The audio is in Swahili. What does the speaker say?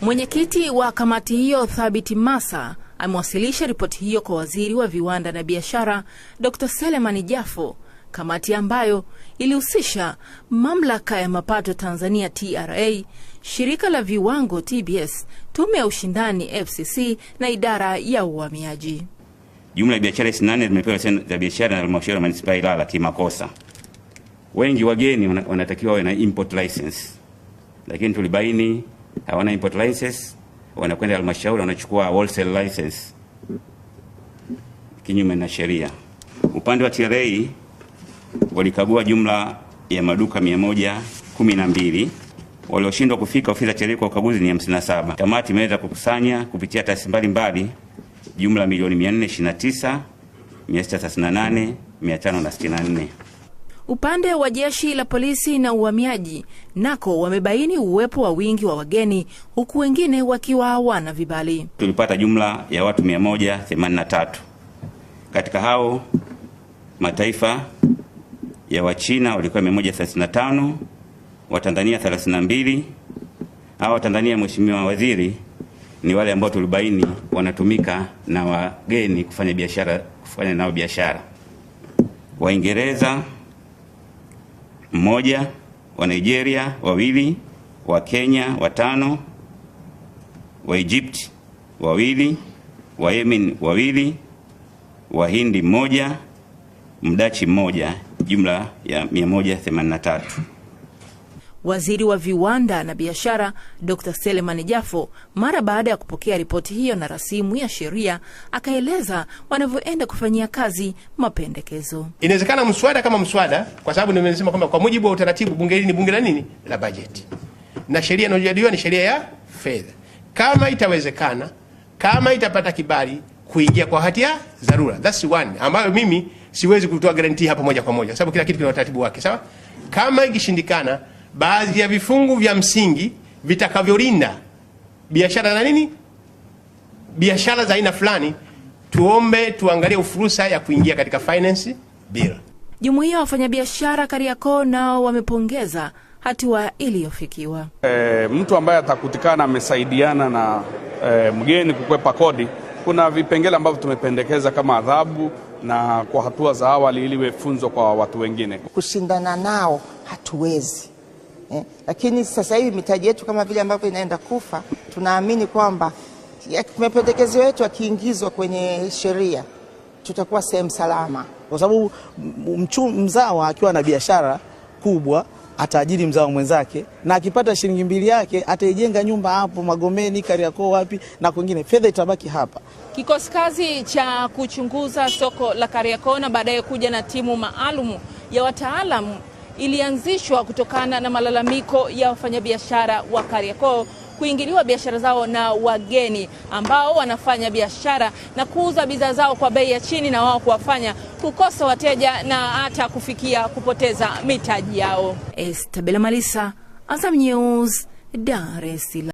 Mwenyekiti wa kamati hiyo Thabiti Masa amewasilisha ripoti hiyo kwa waziri wa viwanda na biashara Dr. Selemani Jafo, kamati ambayo ilihusisha mamlaka ya mapato Tanzania TRA, shirika la viwango TBS, tume ya ushindani FCC na idara ya uhamiaji. Jumla ya biashara 28 zimepewa leseni za biashara na halmashauri ya manispaa Ilala kimakosa. Wengi wageni wanatakiwa wawe na import license lakini tulibaini hawana import license, wanakwenda halmashauri wanachukua wholesale license kinyume na sheria. Upande wa TRA walikagua jumla ya maduka 112 walioshindwa kufika ofisi ya TRA kwa ukaguzi ni 57. Kamati imeweza kukusanya kupitia taasisi mbalimbali jumla milioni 429 564 Upande wa jeshi la polisi na uhamiaji nako wamebaini uwepo wa wingi wa wageni huku wengine wakiwa hawana vibali. Tulipata jumla ya watu 183. Katika hao mataifa ya Wachina walikuwa 135, Watanzania 32. Hao Watanzania, Mheshimiwa Waziri, ni wale ambao tulibaini wanatumika na wageni kufanya biashara, kufanya nao biashara Waingereza mmoja, wa Nigeria wawili, wa Kenya watano, wa Egypt wawili, wa Yemen wawili, Wahindi mmoja, Mdachi mmoja, jumla ya 183. Waziri wa viwanda na biashara Dr Selemani Jafo, mara baada ya kupokea ripoti hiyo na rasimu ya sheria, akaeleza wanavyoenda kufanyia kazi mapendekezo. Inawezekana mswada kama mswada, kwa sababu nimesema kwamba kwa mujibu wa utaratibu bunge hili ni bunge la nini, la bajeti, na sheria inayojadiliwa ni sheria ya fedha. Kama itawezekana, kama itapata kibali kuingia kwa hati ya dharura, that's one, ambayo mimi siwezi kutoa garantii hapo moja kwa moja, sababu kila kitu kina utaratibu wake, sawa. Kama ikishindikana baadhi ya vifungu vya msingi vitakavyolinda biashara na nini, biashara za aina fulani, tuombe tuangalie fursa ya kuingia katika finance bill. Jumuiya ya wafanyabiashara Kariakoo nao wamepongeza hatua iliyofikiwa. E, mtu ambaye atakutikana amesaidiana na e, mgeni kukwepa kodi, kuna vipengele ambavyo tumependekeza kama adhabu na kwa hatua za awali, ili wefunzwe kwa watu wengine. Kushindana nao hatuwezi eh. Lakini sasa hivi mitaji yetu kama vile ambavyo inaenda kufa, tunaamini kwamba eh, mapendekezo yetu akiingizwa kwenye sheria tutakuwa sehemu salama, kwa sababu mzawa akiwa na biashara kubwa ataajiri mzawa mwenzake na akipata shilingi mbili yake ataijenga nyumba hapo Magomeni, Kariakoo, wapi na kwingine, fedha itabaki hapa. Kikosi kazi cha kuchunguza soko la Kariakoo na baadaye kuja na timu maalum ya wataalamu ilianzishwa kutokana na malalamiko ya wafanyabiashara wa Kariakoo kuingiliwa biashara zao na wageni ambao wanafanya biashara na kuuza bidhaa zao kwa bei ya chini na wao kuwafanya kukosa wateja na hata kufikia kupoteza mitaji yao. Estabela Malisa, Azam News, Dar es Salaam.